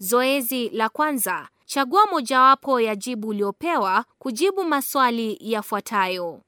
Zoezi la kwanza: chagua mojawapo ya jibu uliopewa kujibu maswali yafuatayo.